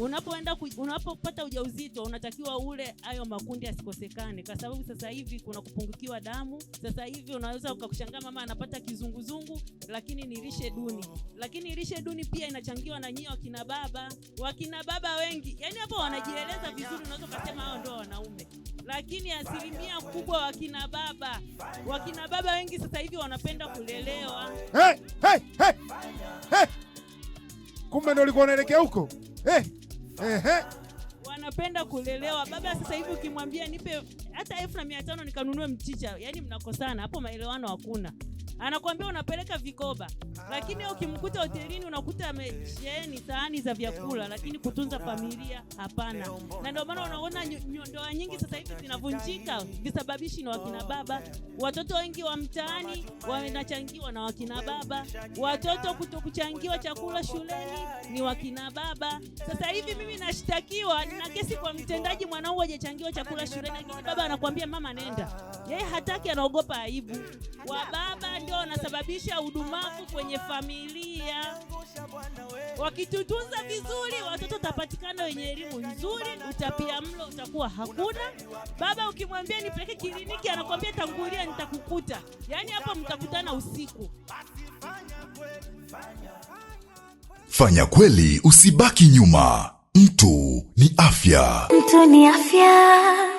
Unapoenda unapopata ujauzito unatakiwa ule hayo makundi asikosekane, kwa sababu sasa hivi kuna kupungukiwa damu. Sasa hivi unaweza ukakushangaa mama anapata kizunguzungu, lakini ni lishe duni. Lakini lishe duni pia inachangiwa na nyie wakina baba, wakina baba wengi, yani hapo wanajieleza vizuri, unaweza ukasema hao ndio wanaume lakini asilimia kubwa wakina baba wakina baba wengi sasa hivi wanapenda kulelewa. Hey, hey, hey, hey. Kumbe ndo ulikuwa unaelekea huko hey. Ehe. Wanapenda kulelewa. Baba sasa hivi ukimwambia nipe hata elfu na mia tano nikanunue mchicha, yaani mnakosana hapo, maelewano hakuna anakuambia unapeleka vikoba, lakini ukimkuta hotelini unakuta amesheheni sahani za vyakula, lakini kutunza familia hapana. Na ndio maana unaona ndoa nyingi sasa hivi zinavunjika, visababishi ni wakina baba. Watoto wengi wa mtaani wanachangiwa na wakina baba, watoto kutokuchangiwa chakula shuleni ni wakina baba. Sasa hivi mimi nashtakiwa na kesi kwa mtendaji, mwanangu hajachangiwa chakula shuleni, lakini baba anakuambia mama, nenda yeye hataki, anaogopa aibu. Mm, Wababa ndio wanasababisha udumavu kwenye familia. Wakitutunza vizuri, watoto watapatikana wenye elimu nzuri, utapia mlo utakuwa hakuna. Baba ukimwambia nipeke kliniki, anakwambia tangulia, nitakukuta. Yaani hapo mtakutana usiku. Fanya kweli, usibaki nyuma. Mtu ni afya. Mtu ni afya.